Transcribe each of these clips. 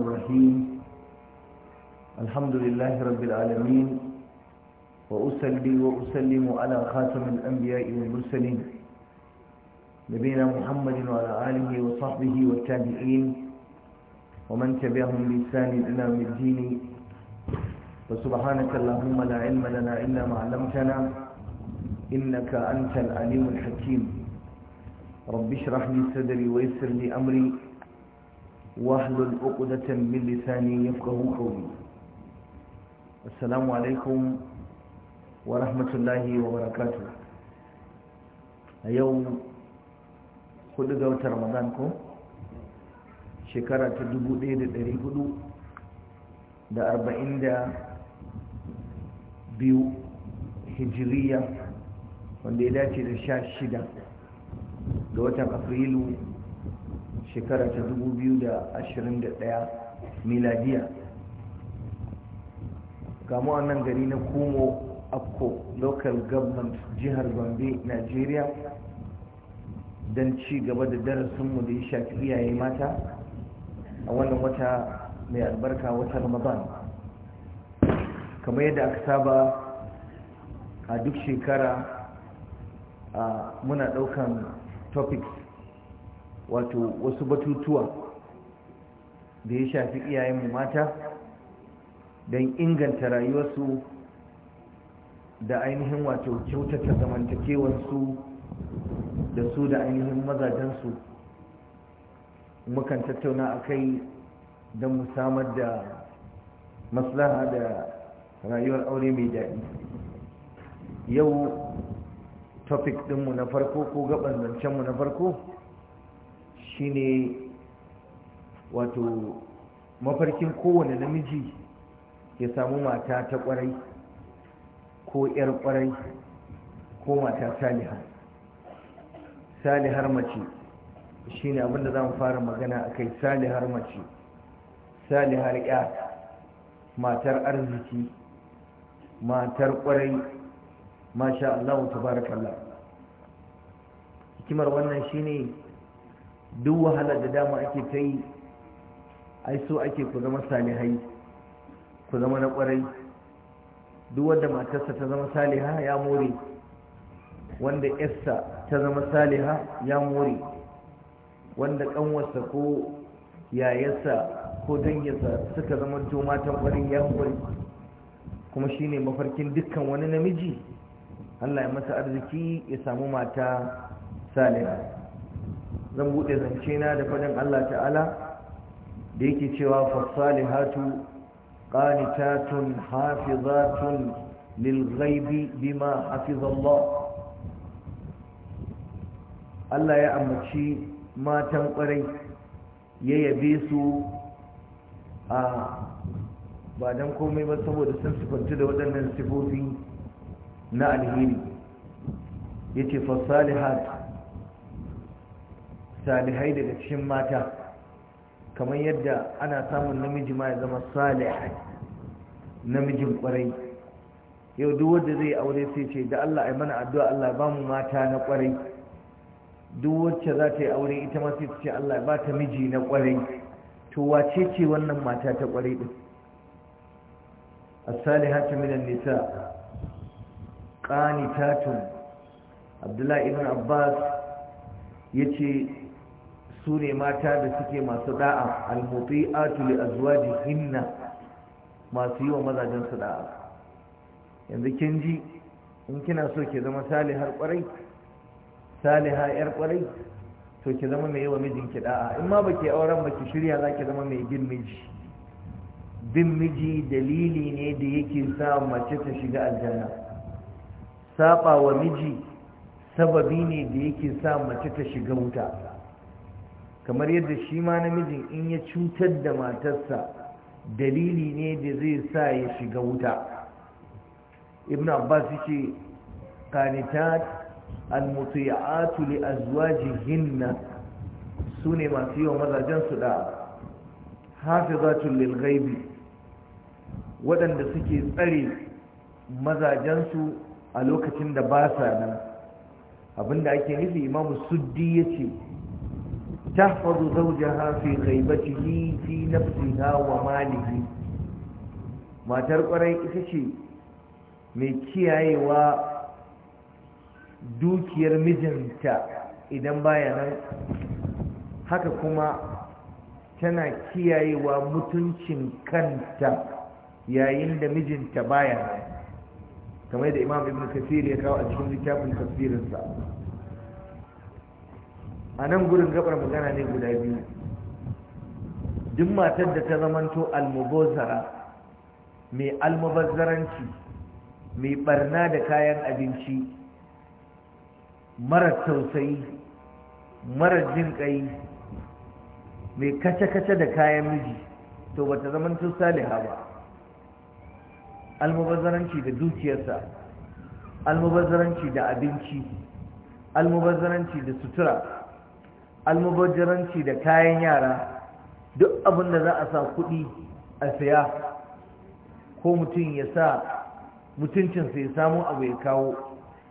الرحيم الحمد لله رب العالمين وأسلي وأسلم على خاتم الأنبياء والمرسلين نبينا محمد وعلى آله وصحبه والتابعين ومن تبعهم بإحسان إلى يوم الدين وسبحانك اللهم لا علم لنا إلا ما علمتنا إنك أنت العليم الحكيم رب اشرح لي صدري ويسر لي أمري واحلل الأقدة من لساني يفقه قولي السلام عليكم ورحمة الله وبركاته اليوم خد قوت رمضانكم شكرا تدبو ديد قدو دا أربعين دا بيو هجرية wanda ya dace da sha shida ga shekara ta 2021 miladiya gamu a nan gari na kumo akko local government jihar gombe nigeria don ci gaba da darasinmu da ya shafi iyaye mata a wannan wata mai albarka wata ramadan kamar yadda aka saba a duk shekara muna daukan topics wato wasu batutuwa da ya shafi iyayenmu mata don inganta rayuwarsu da ainihin wato kyautata zamantakewarsu da su da ainihin mazajensu mukan tattauna a kai don mu samar da maslaha da rayuwar aure mai daɗi yau topic ɗinmu na farko ko gaban zancenmu na farko shine wato mafarkin kowane namiji ya samu mata ta kwarai ko 'yar kwarai ko mata salihar salihar mace shine abinda za mu fara magana a kai salihar mace salihar 'ya matar arziki matar kwarai masha Allah tabarakallah hikimar wannan shine duk wahala da dama ake ta yi ai so ake ku zama salihai ku zama na kwarai duk wanda matarsa ta zama saliha ya more wanda yarsa ta zama saliha ya more wanda kanwarsa ko yayarsa ko danginsa suka zama to matan kwarai ya more kuma shine mafarkin dukkan wani namiji Allah ya masa arziki ya samu mata saliha zan buɗe zance na da faɗin Allah ta'ala da yake cewa fasalihatu qanitatun hafizatun lil bima hafizallah Allah ya ambaci matan kwarai ya yabe su a ba dan komai ba saboda sun sifanci da waɗannan sifofi na alheri yace fasalihatu salihai daga cikin mata kamar yadda ana samun namiji ma ya zama salihai namijin kwarai yau duk wanda zai aure sai ce da Allah ai mana addu'a Allah ba mu mata na kwarai duk wacce za ta yi aure ita ma sai ta ce Allah ba ta miji na kwarai to wace ce wannan mata ta kwarai din as-salihatu an nisa qanitatun Abdullahi ibn Abbas yace su ne mata da suke masu da'a almuti atuli azwaji hinna masu yi wa mazajen su da'a yanzu kin ji in kina so ki zama salihar kwarai saliha yar kwarai to ki zama mai yawa mijinki da'a in ma baki auren baki shirya za ki zama mai bin miji bin miji dalili ne da yake sa mace ta shiga aljanna saba miji sababi ne da yake sa mace ta shiga wuta kamar yadda shi ma namijin in ya cutar da matarsa dalili ne da zai sa ya shiga wuta ibn abbas ce qanitat almuti'atu li azwajihinna sune masu yawan mazajen su da hafizatu lil ghaibi waɗanda suke tsare mazajensu a lokacin da ba sa nan abinda ake nufi imamu suddi yace تحفظ زوجها في غيبته في نفسها وماله ما ترقري إتشي من كياي و dukiyar mijinta idan baya nan haka kuma tana kiyayewa mutuncin kanta yayin da mijinta baya nan kamar da imam ibn kasir ya kawo a cikin littafin tafsirinsa a nan gurin gabar magana ne guda biyu duk matar da ta zamanto almubozara mai almubazzaranci mai barna da kayan abinci mara tausayi mara jin kai mai kace-kace da kayan miji to ba ta zamanto saliha ba almubazzaranci da dukiyarsa almubazzaranci da abinci almubazzaranci da sutura almubajjiranci da kayan yara duk abin da za a sa kuɗi a saya ko mutum ya sa mutuncinsa ya samu abu ya kawo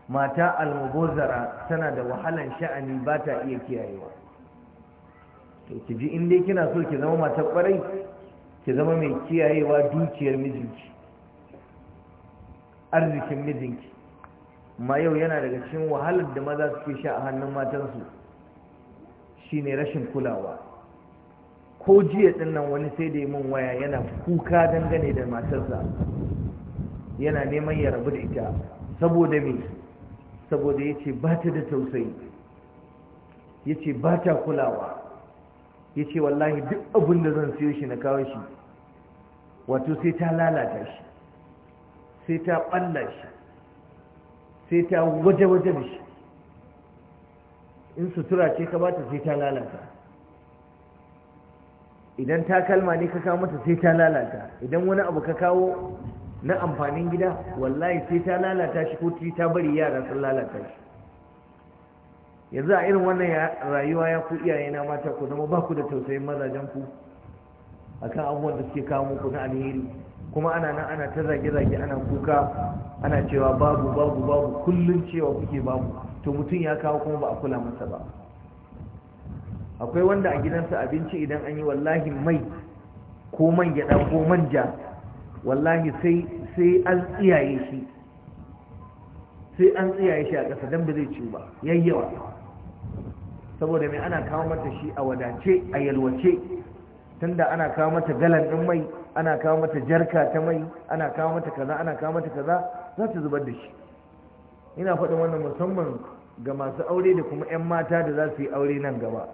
mata almubazara tana da wahalan sha'ani ba ta iya kiyayewa to ki ji inda kina so ki zama matar kwarai ki zama mai kiyayewa dukiyar mijinki arzikin mijinki ma yau yana daga cikin wahalar da maza suke sha a hannun matansu Shi ne rashin kulawa ko jiya din nan wani sai da yi min waya yana kuka dangane da matarsa yana neman ya rabu da ita saboda me saboda ya ce ba ta da tausayi ya ce ba ta kulawa ya ce wallahi duk abin da zan siyo shi na kawo shi wato sai ta lalata shi sai ta ɓalla shi sai ta waje-waje da shi in sutura ce ka bata sai ta lalata idan takalma ne ka kawo mata sai ta lalata idan wani abu ka kawo na amfanin gida wallahi sai ta lalata shi ko ta bari yara sun lalata shi yanzu a irin wannan rayuwa ya ku iyaye na mata ku zama ba ku da tausayin mazajen ku akan abubuwan da suke kawo muku na alheri kuma ana nan ana ta zage-zage ana kuka ana cewa babu babu babu kullum cewa kuke babu to mutum ya kawo kuma ba a kula masa ba akwai wanda a gidansa abinci idan an yi wallahi mai ko man gyaɗa ko manja wallahi sai an tsiyaye shi sai an tsiyaye shi a ƙasa don ba zai ciwo ba yayyawa saboda mai ana kawo mata shi a wadace a yalwace tunda ana kawo mata galan ɗin mai ana kawo mata jarka ta mai ana kawo mata kaza ana kawo mata kaza za ta zubar da shi ina faɗin wannan musamman ga masu aure da kuma 'yan mata da za su yi aure nan gaba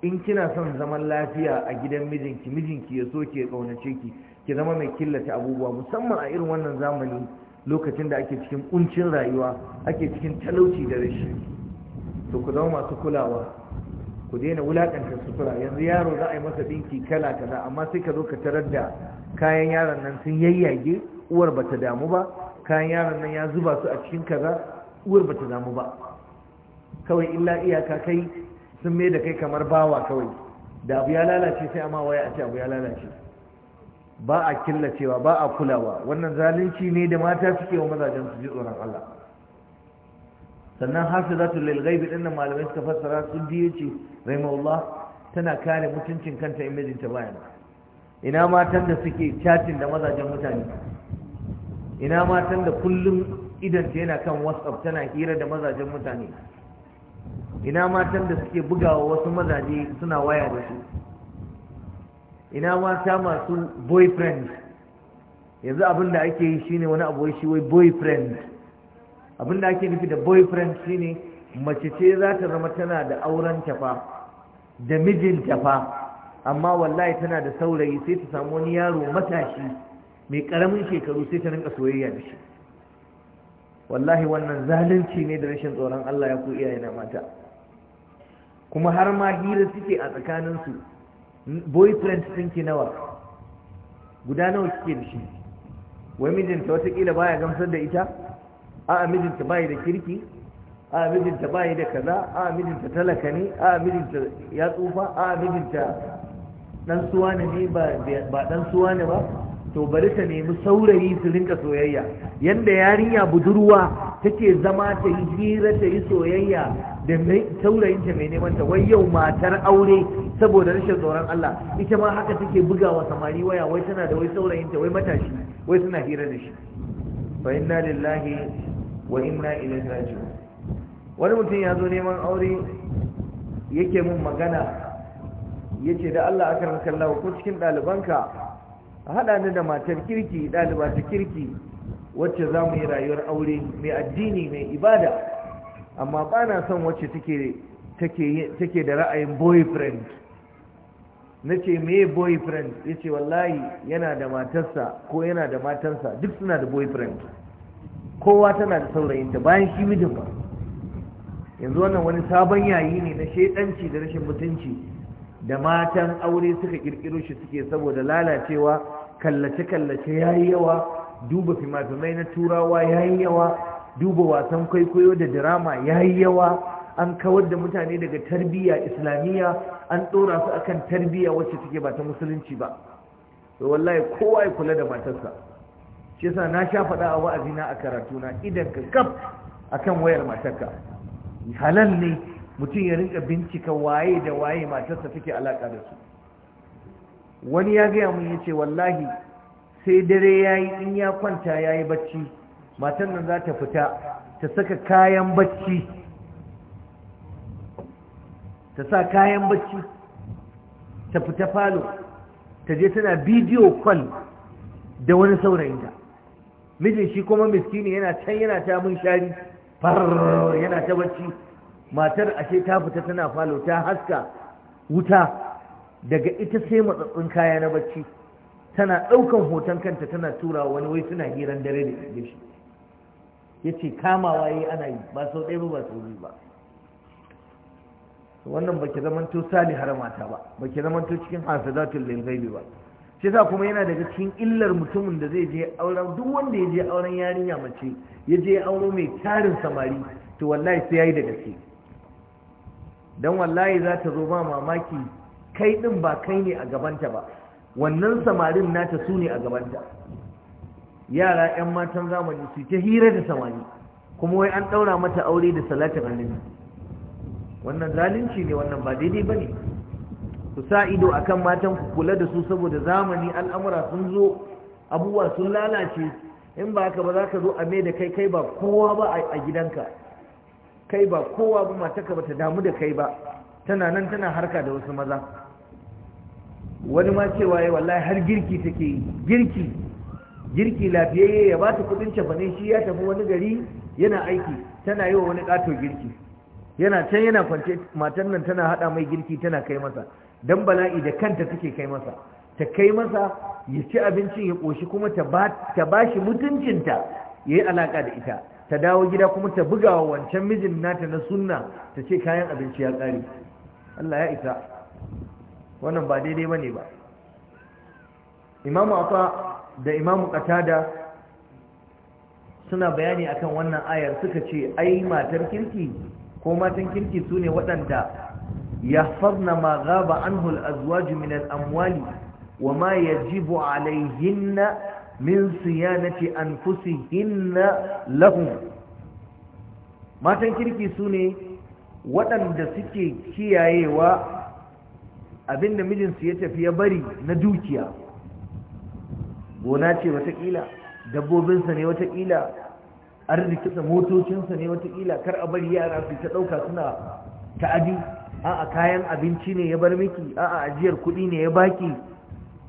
in kina son zaman lafiya a gidan mijinki mijinki ya so ke ƙaunace ki ki zama mai killace abubuwa musamman a irin wannan zamani lokacin da ake cikin kuncin rayuwa ake cikin talauci da rashi to ku zama masu kulawa ku daina wulakanta sutura yanzu yaro za a yi masa dinki kala kaza amma sai ka zo ka tarar da kayan yaron nan sun yayyage uwar bata damu ba kayan yaron nan ya zuba su a cikin kaza uwar bata damu ba kawai illa iyaka kai sun mai da kai kamar bawa kawai da abu ya lalace sai amma waya a ce abu ya lalace ba a killacewa ba a kulawa wannan zalunci ne da mata suke wa mazajen su ji tsoron Allah sannan za lil ghaibi din nan malamai suka fassara sun biye ce Allah tana kare mutuncin kanta in mijinta bayan ina matan da suke chatin da mazajen mutane ina matan da kullum idanta yana kan whatsapp tana hira da mazajen mutane ina matan da suke bugawa wasu mazaje suna waya da su ina mata masu boyfriend yanzu abin da ake yi shine wani abu shi wai boyfriend abin da ake nufi da boyfriend shine mace ce za ta zama tana da auren tafa da mijin tafa amma wallahi tana da saurayi sai ta samu wani yaro matashi mai karamin shekaru sai ta rinka soyayya da shi wallahi wannan zalunci ne da rashin tsoron Allah ya ku iyaye na mata kuma har ma hira suke a tsakaninsu boyfriend sunke nawa guda nawa suke da shi wai mijinta watakila baya gamsar da ita a mijinta baya da kirki a mijinta baya da kaza a mijinta talaka ne a mijinta ya tsufa a mijinta dan suwa ne ne ba dan suwa ne ba to bari ta nemi saurayi su rinka soyayya yanda yarinya budurwa take zama ta yi hira ta yi soyayya da taurayinta mai neman ta wai yau matar aure saboda rashin tsoron Allah ita ma haka take bugawa samari waya wai tana da wai saurayinta wai matashi wai suna hira da shi fa inna lillahi wa inna ilaihi raji'un wani mutum ya zo neman aure yake mun magana yace da Allah akar kallawa ko cikin ɗalibanka a haɗa ni da matar kirki ɗaliba ta kirki wacce za mu yi rayuwar aure mai addini mai ibada amma ba na son wacce take da ra'ayin boyfriend na ce mai boyfriend ya ce wallahi yana da matarsa ko yana da matarsa duk suna da boyfriend kowa tana da saurayinta bayan shi mijin ba yanzu wannan wani sabon yayi ne na shaidanci da rashin mutunci da matan aure suka kirkiro shi suke saboda lalacewa kallace-kallace yayi yawa duba fimafimai na turawa yayi yawa duba wasan kwaikwayo da dirama ya yi yawa an kawar da mutane daga tarbiyya islamiyya an ɗora su kan tarbiyya wacce take ba ta musulunci ba to wallahi kowa ya kula da matarsa shi yasa na sha faɗa a wa'azi na a karatuna idan ka gab akan wayar matarka halal ne mutum ya rinka bincika waye da waye matarsa take alaƙa da su wani ya gaya mun yace wallahi sai dare yayi in ya kwanta yayi bacci matan nan za ta fita ta saka kayan bacci ta sa kayan bacci ta fita falo ta je tana bidiyo kwal da wani saurayinta mijin shi kuma miskini yana can yana ta mun shari farar yana ta bacci matar ashe ta fita tana falo ta haska wuta daga ita sai matsatsun kaya na bacci tana ɗaukan hoton kanta tana tura wani wai suna hiran dare da shi ya ce kamawa yi ana yi ba sau ɗaya ba sau biyu ba wannan ba ki zamanto sali mata ba ba ki zamanto cikin hasadatul lil ghaibi ba shi sa kuma yana daga cikin illar mutumin da zai je auren duk wanda ya je auren yarinya mace ya je auro mai tarin samari to wallahi sai yayi da gaske dan wallahi za ta zo ba mamaki kai din ba kai ne a gabanta ba wannan samarin nata su ne a gabanta yara 'yan matan zamani su ta hira da samani kuma wai an ɗaura mata aure da salatin annabi wannan zalunci ne wannan ba daidai ba ne ku sa ido a kan matan ku kula da su saboda zamani al'amura sun zo abubuwa sun lalace in ba haka ba za ka zo a mai da kai kai ba kowa ba a gidanka kai ba kowa ba mataka ba ta damu da kai ba tana nan tana harka da wasu maza wani ma cewa ya wallahi har girki take yi girki girki lafiyayye ya ba ta kudin cefane shi ya tafi wani gari yana aiki tana yi wa wani ƙato girki yana can yana kwance matan nan tana haɗa mai girki tana kai masa dan bala'i da kanta take kai masa ta kai masa ya ci abincin ya ƙoshi kuma ta ba shi mutuncinta ya yi alaƙa da ita ta dawo gida kuma ta buga wa wancan mijin nata na sunna ta ce kayan abinci ya ƙare Allah ya isa wannan ba daidai ba ne ba imamu afa da imamu Katada suna bayani akan wannan ayar suka ce ai matar kirki ko matan kirki sune waɗanda ya farna ma gaba an al min al’amwali amwali wa ma ya yajibu hinna min an fusi hinna lahun matan kirki sune waɗanda suke kiyayewa abinda mijinsu ya tafi ya bari na dukiya gona ce watakila dabbobinsa ne watakila arzikinsa motocinsa ne watakila kar a bari yara su ta ɗauka suna ta'adi a'a kayan abinci ne ya bar miki a'a ajiyar kuɗi ne ya baki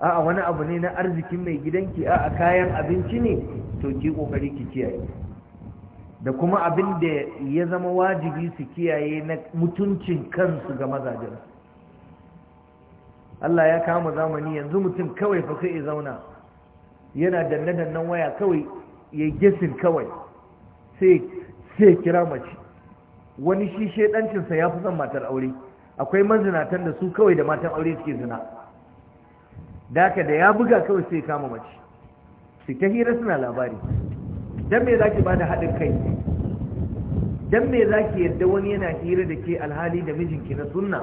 a'a wani abu ne na arzikin mai gidanki a'a kayan abinci ne to ki kokari ki kiyaye da kuma abin da ya zama wajibi su kiyaye na mutuncin kansu ga mazajen Allah ya kama zamani yanzu mutum kawai fa sai ya zauna yana danne dannan waya kawai ya gesin kawai sai kira mace wani shi shaidancinsa ya fi son matar aure akwai manzinatan da su kawai da matan aure suke zina daka da ya buga kawai sai kama mace su ta hira suna labari don me za ki ba da haɗin kai don me za ki yadda wani yana hira da ke alhali da mijinki na sunna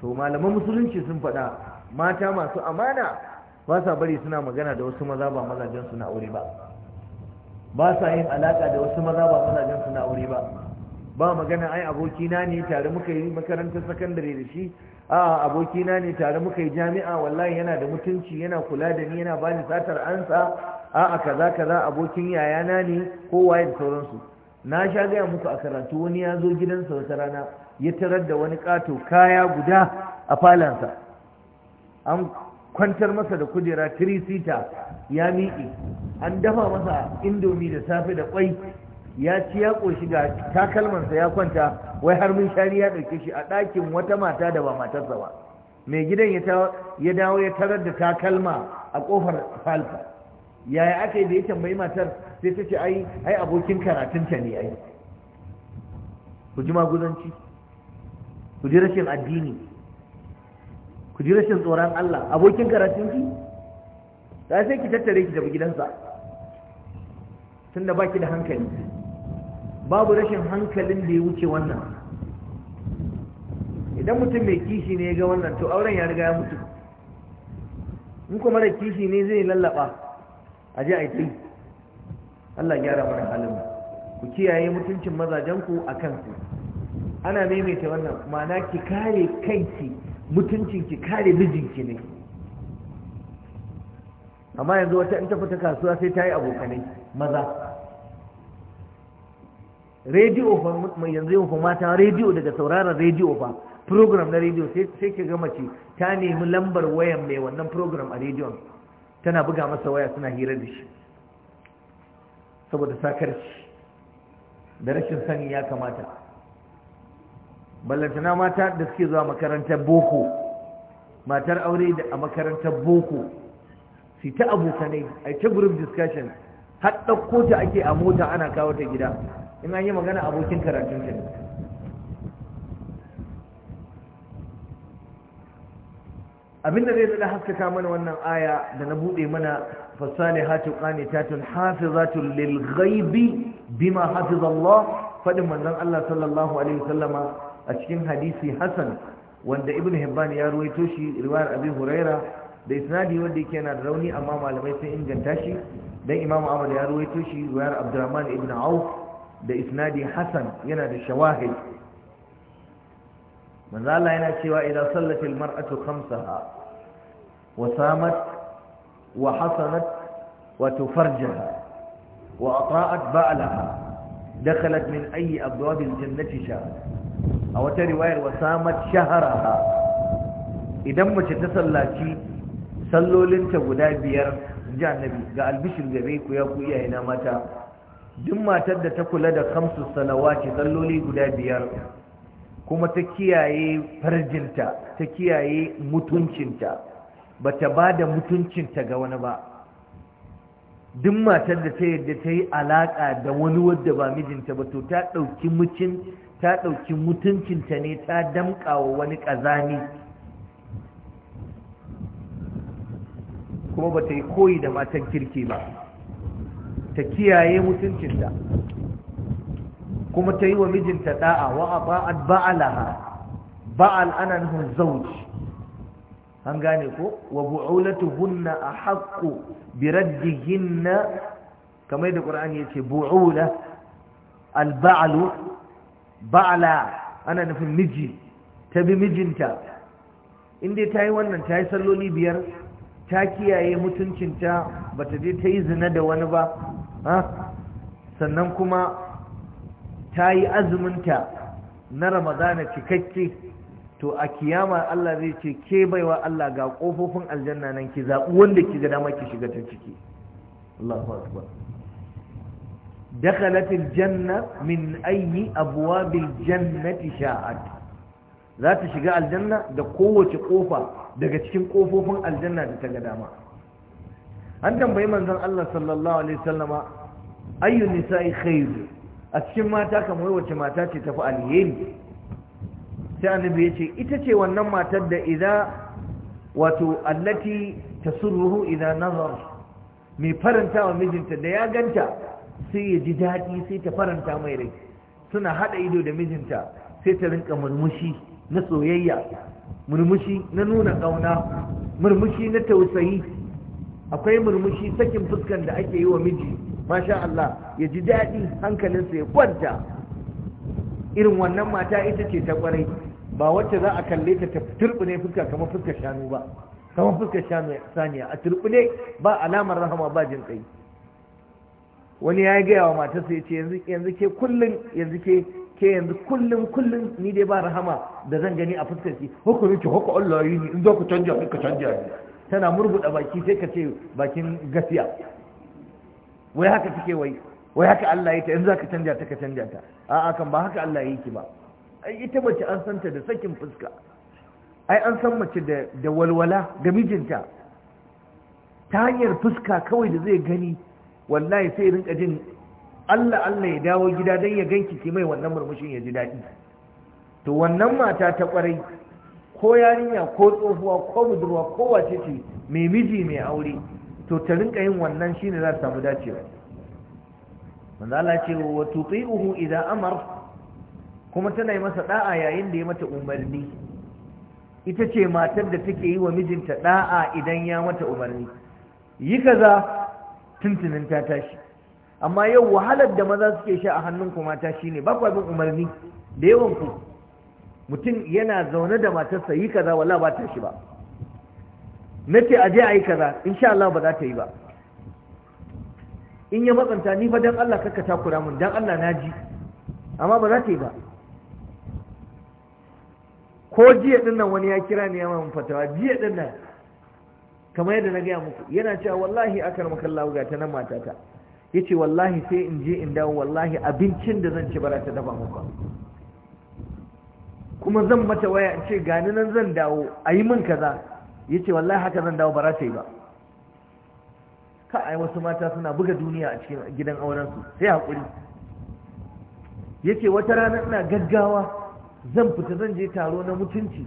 to malaman musulunci sun faɗa mata masu amana ba sa bari suna magana da wasu maza ba mazajen suna aure ba ba sa yin alaka da wasu maza ba mazajen suna aure ba ba magana ai abokina ne tare muka yi makarantar sakandare da shi a abokina ne tare muka yi jami'a wallahi yana da mutunci yana kula da ni yana bani satar ansa a kaza kaza abokin yayana ne waye da sauransu na sha gaya muku a karatu wani ya zo gidansa wata rana ya tarar da wani kato kaya guda a falansa an kwantar masa da kujera 3 sita ya miƙe an dafa masa indomi da safe da kwai ya ci ya ƙoshi ga takalmansa ya kwanta wai har mun shari ya ɗauke shi a ɗakin wata mata da ba matarsa ba mai gidan ya dawo ya tarar da takalma a ƙofar falfa yaya aka yi da ya tambayi matar sai ta ce ai ai abokin karatunta ne ai ku ji maguzanci ku ji rashin addini ku ji rashin tsoron Allah abokin karatun ki ta sai ki tattare ki tafi gidansa tunda baki da hankali babu rashin hankalin da ya wuce wannan idan mutum mai kishi ne ya ga wannan to auren ya riga ya mutu in kuma da kishi ne zai lallaba a ji a yi Allah gyara mana halin ku kiyaye mutuncin mazajenku a kansu ana maimaita wannan ma'ana ki kare kanki mutuncinki kare mijinki ne amma yanzu wata in ta fita kasuwa sai ta yi abokanai maza rediyo mai yanzu yin mata rediyo daga sauraron rediyo fa program na rediyo sai ke ga mace ta nemi lambar wayan mai wannan program a rediyon tana buga masa waya suna hira da shi saboda sakarci da rashin sani ya kamata ballantana mata da suke zuwa makarantar boko matar aure da a makarantar boko Fita ta abokanai a ta group discussion har ɗauko ta ake a mota ana kawo ta gida in an yi magana abokin karatun ta ne abinda zai zada haskaka mana wannan aya da na buɗe mana fasali hatun ƙane tatun hafizatun lil gaibi bima hafizallah faɗin manzon Allah sallallahu alaihi wasallama a cikin hadisi hasan wanda ibn hibban ya ruwaito shi riwayar abi huraira da isnadi wanda yake na da rauni amma malamai sun inganta shi dan imamu ahmad ya ruwaito shi riwayar abdurrahman ibn auf da isnadi hasan yana da shawahid manzo Allah yana cewa idan sallati almar'atu khamsaha wa samat wa hasanat wa tufarjaha wa ata'at ba'laha dakhalat min ayi abwabil jannati sha a wata riwayar wa samat shaharaha idan mace ta sallaci sallolinta guda biyar ji annabi ga albishir gare ku ya ku na mata duk matar da ta kula da kamsu ce, salloli guda biyar kuma ta kiyaye farjinta ta kiyaye mutuncinta ba ta ba da mutuncinta ga wani ba duk matar da ta yadda ta yi alaƙa da wani wadda ba mijinta ba to ta ɗauki ta ɗauki mutuncinta ne ta damƙa wa wani ƙazani kuma ba ta yi koyi da matan kirki ba ta kiyaye mutuncinta kuma ta yi wa mijinta ɗa'a wa a ba'alaha ba'al ana nufin zauji an gane ko wa bu'ulatuhunna a haƙƙo biraddihinna kamar da ƙur'ani ya ce bu'ula alba'alu ba'ala ana nufin miji ta bi mijinta inda ta yi wannan ta yi salloli biyar ta kiyaye mutuncinta ba ta je ta yi zina da wani ba sannan kuma ta yi azuminta na ramadana cikakke to a kiyama Allah zai ce ke baiwa Allah ga kofofin aljanna nan ki zaɓi wanda ki ga dama ki shiga ta ciki Allahu akbar دخلت الجنة من أي أبواب الجنة شاءت ذات شقاء الجنة ده قوة قوفة ده تشكين قوفة الجنة تتقدامها أنت بيمن ذن الله صلى الله عليه وسلم أي النساء خير أتشم ما تاكم ويوة ما تاتي تفعلين سأنا بيشي إتشي وانما تد إذا وتو التي تسره إذا نظر مي فرنتا ومجنتا ده يا جنتا sai ya ji daɗi sai ta faranta mai rai suna haɗa ido da mijinta sai ta rinka murmushi na soyayya murmushi na nuna ƙauna murmushi na tausayi akwai murmushi sakin fuskan da ake yi wa miji masha Allah ya ji daɗi hankalinsa ya kwanta irin wannan mata ita ce ta kwarai ba wacce za a kalle ta turbine fuska kamar fuskar shanu ba kamar fuskar shanu saniya a turbine ba alamar rahama ba jin kai wani ya gaya wa matarsa ya ce yanzu ke kullum yanzu ke ke yanzu kullum kullum ni dai ba rahama da zan gani a fuskar ki haka nake haka Allah yi ni in za ku canja ka canja ni tana murguda baki sai ka ce bakin gafiya wai haka take wai wai haka Allah yake in za ka canja ta ka canja ta a'a kan ba haka Allah yake ba ai ita mace an santa da sakin fuska ai an san mace da da walwala da mijinta ta hanyar fuska kawai da zai gani wallahi sai rinka jin Allah Allah ya dawo gida don ya ganki ki mai wannan murmushin ya ji daɗi to wannan mata ta ƙwarai ko yarinya ko tsohuwa ko budurwa ko wace ce mai miji mai aure to ta rinka yin wannan shine za ta samu dacewa manzo Allah ce wa tuti'uhu idza amar kuma tana yi masa da'a yayin da ya mata umarni ita ce matar da take yi wa mijinta da'a idan ya mata umarni yi kaza tuntunin ta tashi amma yau wahalar da maza suke sha a hannun ku mata shine ba kwabin umarni da yawan ku mutum yana zaune da matarsa yi kaza wala ba ta shi ba Na ce a yi kaza insha Allah ba za ta yi ba in ya matsanta ni fa dan Allah kakka takura mun dan Allah na ji, amma ba za ta yi ba ko jiya dinnan wani ya kira ni ya mun fatawa jiya dinnan kamar yadda na gaya muku yana cewa wallahi akar makallahu ga ta nan matata ce wallahi sai in je in dawo wallahi abincin da zan ci bara ta dafa muku kuma zan mata waya in ce gani nan zan dawo a yi min kaza ya ce wallahi haka zan dawo bara ta yi ba ka ai wasu mata suna buga duniya a cikin gidan auren su sai hakuri ce wata rana ina gaggawa zan fita zan je taro na mutunci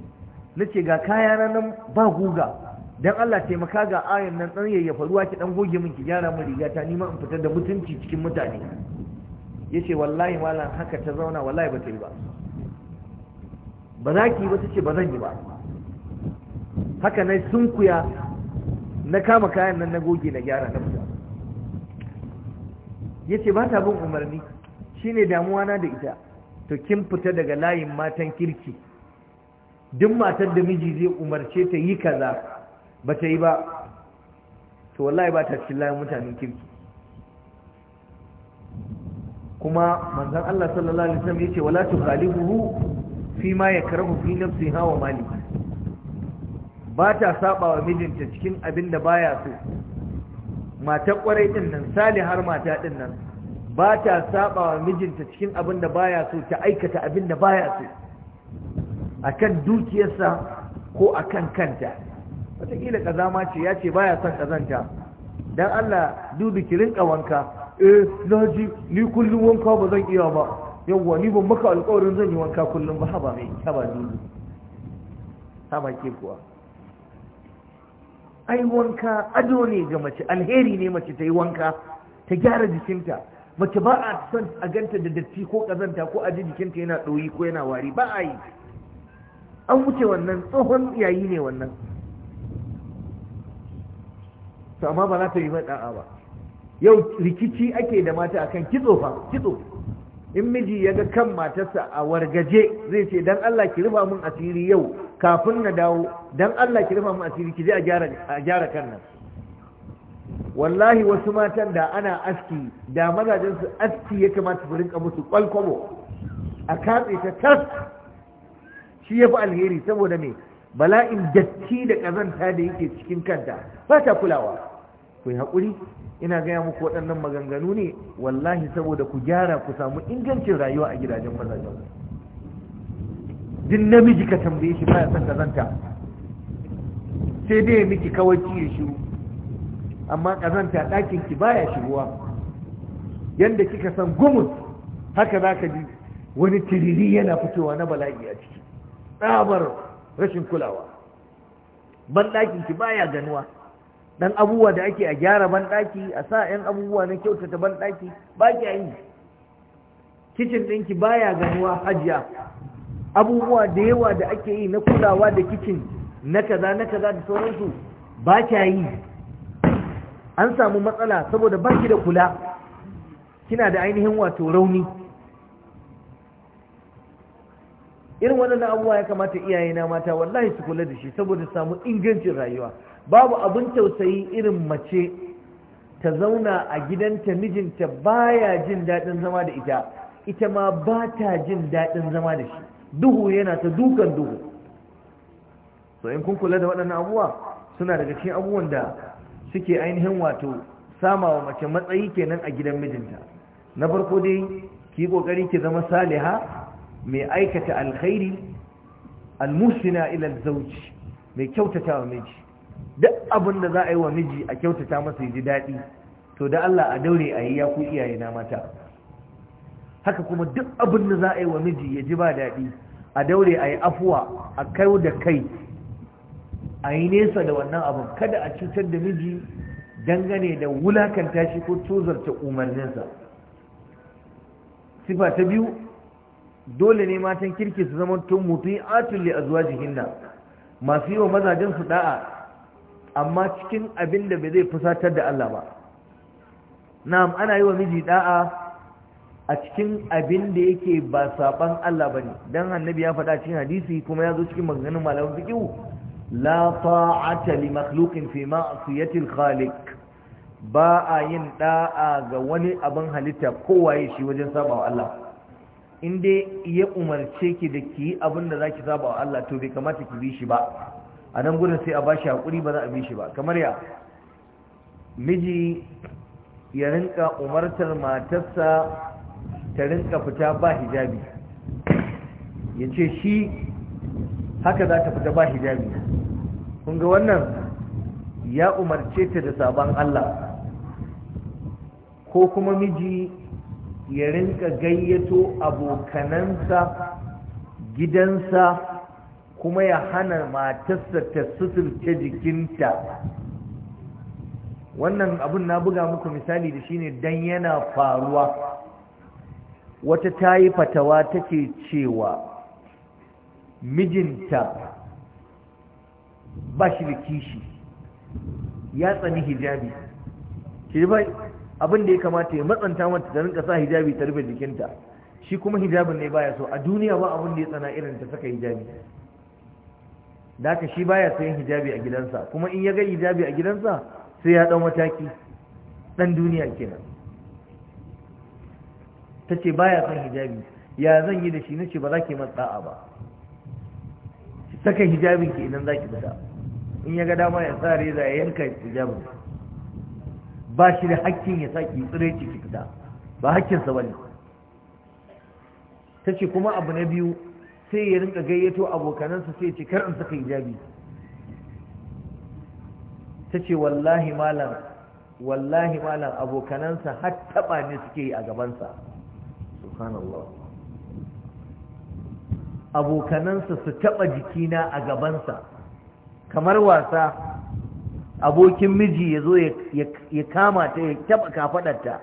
na ce ga kayana nan ba guga dan Allah taimaka ga ayan nan dan yayyafa ruwa ki dan goge min ki gyara min riga ta nima in fitar da mutunci cikin mutane yace wallahi malam haka ta zauna wallahi ba ta yi ba ba za ki ba tace ba zan yi ba haka nan sunkuya na kama kayan nan na goge na gyara na fita yace ba ta bin umarni shine damuwa na da ita to kin fita daga layin matan kirki duk matar da miji zai umarce ta yi kaza ba ta yi ba to wallahi ba ta cikin layin mutanen kirki kuma manzon Allah sallallahu alaihi wasallam yace wala tukhalibuhu fi ma yakrahu fi nafsi hawa mali ba ta saba wa mijinta cikin abin da baya so matar kwarai din nan salihar mata din nan ba ta saba wa mijinta cikin abin da baya so ta aikata abin da baya so akan dukiyarsa ko akan kanta wataƙila ƙazama ce ya ce baya son kazanta don Allah dubi ki rinka wanka eh na ni kullum wanka ba zan iya ba yawa ni ban maka alƙawarin zan yi wanka kullum ba haba mai haba dubi haba ke kuwa ai wanka ado ne ga mace alheri ne mace ta yi wanka ta gyara jikinta mace ba a son a ganta da datti ko kazanta ko a ji jikinta yana ɗoyi ko yana wari ba a yi an wuce wannan tsohon yayi ne wannan to amma ba za ta yi mai ba yau rikici ake da mata akan kitso fa kitso in miji ya ga kan matarsa a wargaje zai ce dan Allah ki rufa mun asiri yau kafin na dawo dan Allah ki rufa mun asiri ki je a gyara a gyara kan nan wallahi wasu matan da ana aski da mazajen su aski ya kamata su rinka musu kwalkwabo a katse ta tas shi ya fi alheri saboda me bala'in datti da ƙazanta da yake cikin kanta ba ta kulawa ku yi haƙuri ina gaya muku waɗannan maganganu ne wallahi saboda ku gyara ku samu ingancin rayuwa a gidajen mazajen din namiji ka tambaye shi ba ya san ƙazanta sai dai miki kawai ya shiru amma ƙazanta ɗakin ki baya shiruwa yadda kika san gumus haka za ka ji wani tiriri yana fitowa na bala'i a ciki tsabar rashin kulawa banɗakin ki baya ganuwa Ɗan abubuwa da ake a gyara banɗaki a sa 'yan abubuwa na kyautata banɗaki ba ki yi kicin ɗinki baya ganuwa hajiya abubuwa da yawa da ake yi na kulawa da kicin na kaza na kaza da sauransu ba ki yi an samu matsala saboda ba ki da kula kina da ainihin wato rauni irin waɗannan abubuwa ya kamata iyaye na mata wallahi su kula da shi saboda samu ingancin rayuwa babu abin tausayi irin mace ta zauna a gidanta mijinta baya jin daɗin zama da ita ita ma ba ta jin daɗin zama da shi duhu yana ta dukan duhu so in kun kula da waɗannan abubuwa suna daga cikin abubuwan da suke ainihin wato sama wa mace matsayi kenan a gidan mijinta na farko dai ki kokari ki zama saliha mai aikata alkhairi almusina ila zauji mai kyautata wa miji duk abin da za a yi wa miji a kyautata masa ya ji daɗi to da Allah a daure a yi ya ku iyaye na mata haka kuma duk abin da za a yi wa miji ya ji ba daɗi a daure a yi afuwa a kai da kai a yi nesa da wannan abin kada a cutar da miji dangane da wulakanta shi ko tozarta umarninsa sifa ta biyu dole ne matan kirki su zama tun mutu atul li jihinda. masu yi wa mazajen su da'a amma cikin abin da bai zai fusatar da Allah ba na'am ana yi wa miji da'a a cikin abin da yake ba saban Allah ba ne, don Hannabi ya faɗa cikin hadisi kuma ya zo cikin maganganun malamin fiqh la ta'ata li makhluqin fi ma'siyati khaliq ba a yin da'a ga wani abin halitta waye shi wajen sabawa Allah in dai ya umarce ki da ki yi abin da za saba wa Allah to bai kamata ki bi shi ba a nan gudun sai a ba shi haƙuri ba za a bi shi ba kamar ya miji ya rinka umartar matarsa ta rinka fita ba hijabi ya ce shi haka za ta fita ba hijabi kun ga wannan ya umarce ta da sabon Allah ko kuma miji ya rinka gayyato abokanansa gidansa kuma ya hana matarsa ta suturta jikinta wannan abin na buga muku misali da shine dan yana faruwa wata ta yi fatawa take cewa mijinta ba shi da kishi ya tsani hijabi ke abin da ya kamata ya matsanta mata ta rinka sa hijabi ta rufe jikinta shi kuma hijabin ne baya so a duniya ba abin da ya tsana irin ta saka hijabi da haka shi baya sayan hijabi a gidansa kuma in ya ga hijabi a gidansa sai ya dau mataki dan duniya kenan ta ce baya son hijabi ya zan yi da shi na ce ba za ki matsa'a ba saka hijabin ki idan za ki fita in ya ga dama ya sa reza ya yanka hijabin ba shi da hakkin ya saki tsire ciki fita ba hakkinsa ba ne ta ce kuma abu na biyu sai ya rinka gayyato abokanansa sai ce kar in saka hijabi ta ce wallahi malam wallahi malam abokanansa har taba ne suke yi a gabansa subhanallah abokanansa su taba jikina a gabansa kamar wasa abokin miji ya zo ya kama ta ya taba kafadarta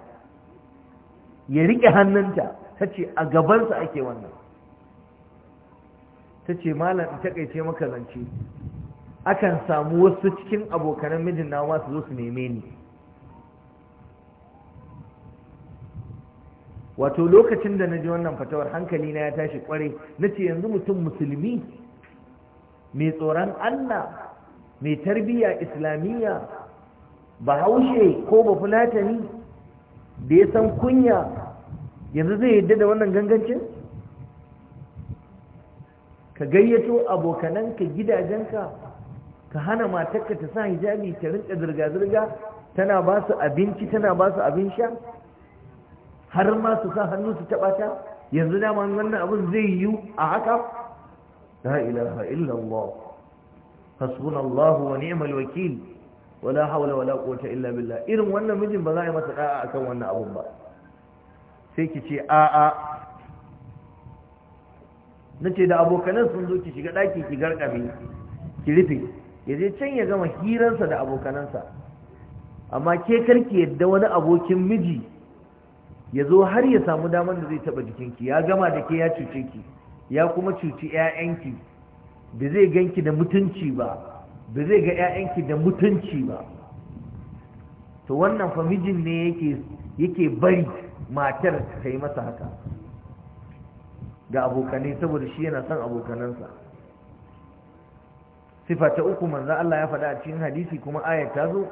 ya rike hannunta ta ce a gabansa ake wannan ta ce malam ta kaice maka zance akan samu wasu cikin abokanan mijin na masu zo su neme ni wato lokacin da na ji wannan fatawar hankali na ya tashi kware, na ce yanzu mutum musulmi mai tsoron allah mai tarbiyya islamiyya bahaushe ko bafulatani da ya san kunya yanzu zai yadda da wannan gangancin ka gayyato abokananka gidajenka ka hana matarka ta sa hijabi ta rinka zirga-zirga tana ba su abinci tana ba su abin sha har ma su sa hannu su taɓata? ta yanzu dama wannan abin zai yiwu a haka la ilaha illallah Allah wa ni'mal wakil wala hawla wala quwwata illa billah irin wannan mijin ba za a yi masa da'a akan wannan abun ba sai ki ce a'a nace da abokanan sun zo ki shiga daki ki garkabe ki rufe ya je can ya gama hirarsa da abokanansa amma ke karki yadda wani abokin miji ya zo har ya samu damar da zai taba jikinki ya gama da ke ya cuce ki ya kuma cuci 'ya'yanki ba zai ganki da mutunci ba ba zai ga 'ya'yanki da mutunci ba to wannan mijin ne yake yake bari matar ta yi masa haka ga abokanai saboda shi yana son abokanansa sifa ta uku manzo Allah ya faɗa a cikin hadisi kuma ayat ta zo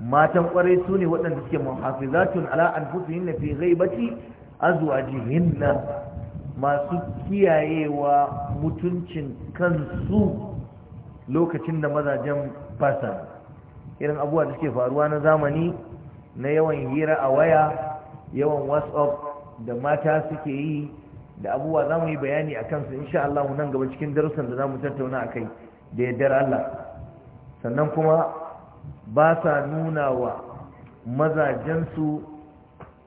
matan kwarai su ne waɗanda suke muhafizatun ala anfusihinna fi ghaibati azwajihinna masu kiyayewa mutuncin kansu lokacin da mazajen fasa irin abubuwa da suke faruwa na zamani na yawan hira a waya yawan whatsapp da mata suke yi da abubuwa za mu yi bayani a kansu insha Allah nan gaba cikin darussan da za mu tattauna a kai da yardar Allah sannan kuma ba sa nuna wa mazajensu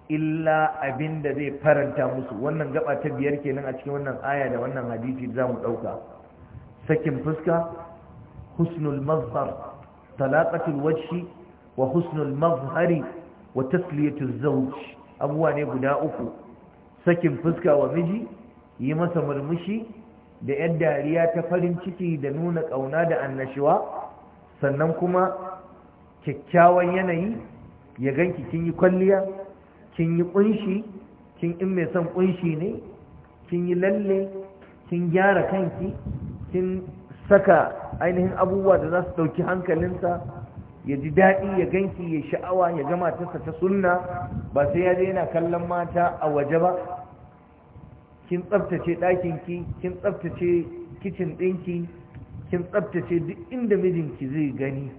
illa abin da zai faranta musu wannan gaba ta biyar kenan a cikin wannan aya da wannan hadisi za mu ɗauka sakin fuska husnul mazhar talaqatul wajhi wa husnul mazhari wa tasliyatul zawj abuwa ne guda uku sakin fuska wa miji yi masa murmushi da yar dariya ta farin ciki da nuna ƙauna da annashuwa sannan kuma kyakkyawan yanayi ya ganki kin yi kwalliya kin yi kunshi kin in mai son kunshi ne kin yi lalle kin gyara kanki kin saka ainihin abubuwa da za su dauki hankalinsa ya ji daɗi ya ganki ya sha'awa ya gama tasa ta sunna ba sai ya daina kallon mata a waje ba kin tsabtace ɗakinki kin tsabtace kicin ɗinki kin tsabtace duk inda mijinki zai gani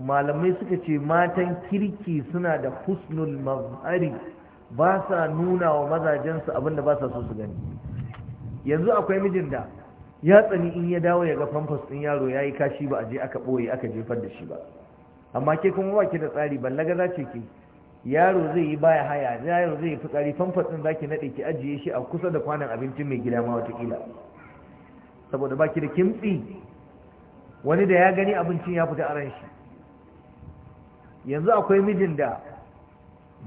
malamai suka ce matan kirki suna da husnul mazhari ba sa nuna wa mazajensu abinda ba sa so su gani yanzu akwai mijin da ya tsani in ya dawo ya ga famfas ɗin yaro ya yi kashi ba a je aka ɓoye aka jefar da shi ba amma ke kuma ba ki da tsari ballaga za ce ki yaro zai yi baya haya yaro zai yi fitsari famfas ɗin za ki naɗe ki ajiye shi a kusa da kwanan abincin mai gida ma watakila saboda ba ki da kimtsi wani da ya gani abincin ya fita a ran shi yanzu akwai mijin da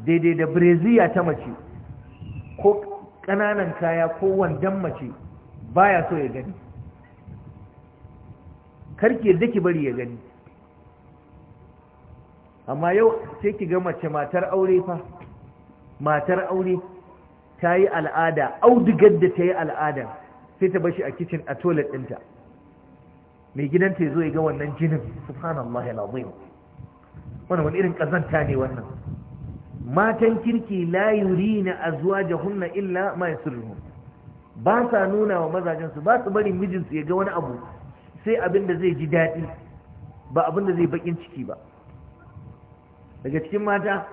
daidai da breziya ta mace ko ƙananan kaya ko wandan mace baya so ya gani karki yadda ki bari ya gani amma yau sai ki ga mace matar aure fa matar aure ta yi al'ada audigar da ta yi al'ada sai ta bashi a kicin a toilet ɗinta mai gidanta ya zo ya ga wannan jinin subhanallah ya wannan wani irin kazanta ne wannan matan kirki la yurina azwajahunna illa ma yasirruhum ba sa nuna wa mazajensu, su ba su bari mijinsu su ya ga wani abu sai abin da zai ji daɗi, ba abin da zai bakin ciki ba daga cikin mata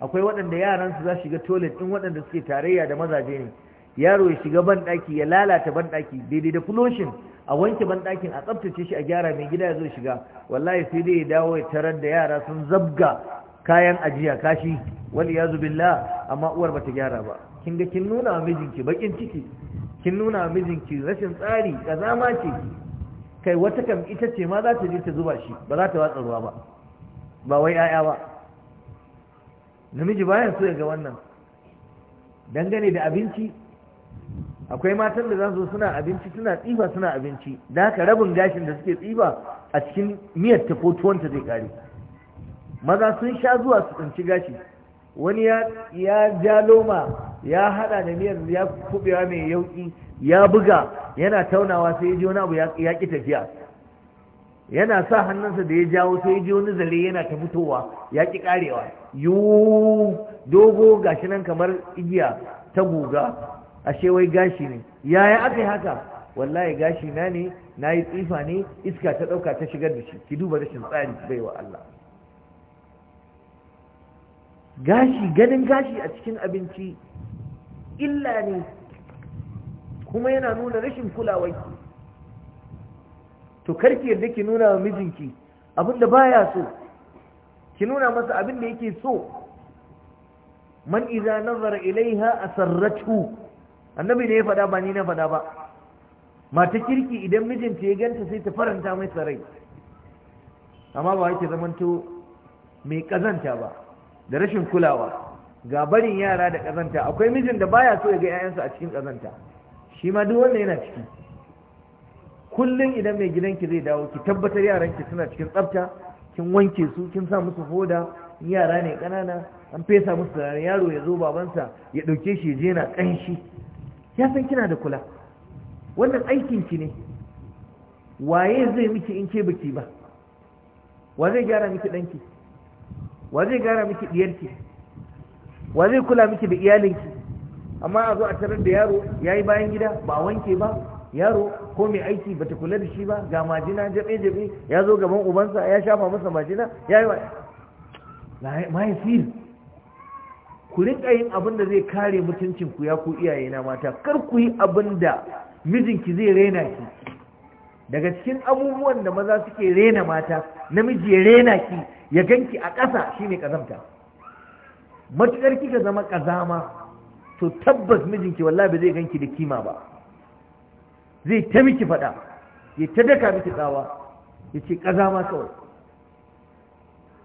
akwai waɗanda yaran su za su shiga toilet din waɗanda suke tarayya da mazaje ne yaro ya shiga ban daki ya lalata ban daki daidai da fuloshin a wanke banɗakin a tsabtace shi a gyara mai gida ya zo shiga wallahi sai dai ya dawo ya tarar da yara sun zabga kayan ajiya kashi Wani ya billah amma uwar bata gyara ba kin ga kin nuna wa mijinki bakin ciki kin nuna wa mijinki rashin tsari kazama ce kai wata kam ita ce ma za ta je ta zuba shi ba za ta watsa ruwa ba ba wai 'ya'ya ba namiji bayan so ya ga wannan dangane da abinci akwai matan da za su suna abinci suna tsifa suna abinci da haka rabin gashin da suke tsifa a cikin miyar ta ko zai kare maza sun sha zuwa su tsinci gashi wani ya ja loma ya hada da miyar ya kubewa mai yauki ya buga yana taunawa sai ya ji wani abu ya ki tafiya yana sa hannunsa da ya jawo sai ya ji wani zare yana ta fitowa ya ki karewa yu dogo gashi nan kamar igiya ta guga ashe wai gashi ne yaya aka haka wallahi gashi na ne na yi tsifa ne iska ta ɗauka ta shigar da shi ki duba rashin tsari bai wa Allah gashi ganin gashi a cikin abinci illa ne kuma yana nuna rashin kulawarki to karki yadda ki nuna wa mijinki abinda baya so ki nuna masa abin abinda yake so man idza nazara ilaiha asarratu annabi ne ya faɗa ba ni na fada ba mata kirki idan mijinta ya ganta sai ta faranta mai sarai amma ba yake zamanto mai kazanta ba da rashin kulawa ga barin yara da kazanta akwai mijin da baya so ya ga 'ya'yansa a cikin kazanta shi ma duk wanda yana ciki kullum idan mai gidanki zai dawo ki tabbatar yaran ki suna cikin tsafta kin wanke su kin sa musu hoda yara ne kanana an fesa musu yaro ya zo babansa ya ɗauke shi ya je na ƙanshi ya san kina da kula wannan aikin ki ne waye zai miki in ke biki ba wa zai gyara miki danki wa zai gyara miki diyarki wa zai kula miki da iyalinki amma a zo a tarar da yaro yayi bayan gida ba wanke ba yaro ko mai aiki bata kula da shi ba ga majina jabe jabe ya zo gaban ubansa ya shafa masa majina yayi wa la ma ku rinka yin abin da zai kare mutuncin ku ya ku iyaye na mata kar ku yi abin da mijinki zai rena ki daga cikin abubuwan da maza suke rena mata namiji ya rena ki ya ganki a ƙasa shine kazamta matukar kika zama kazama to tabbas mijinki wallahi ba zai ganki da kima ba zai ta miki faɗa ya ta daka miki tsawa ya ce kazama kawai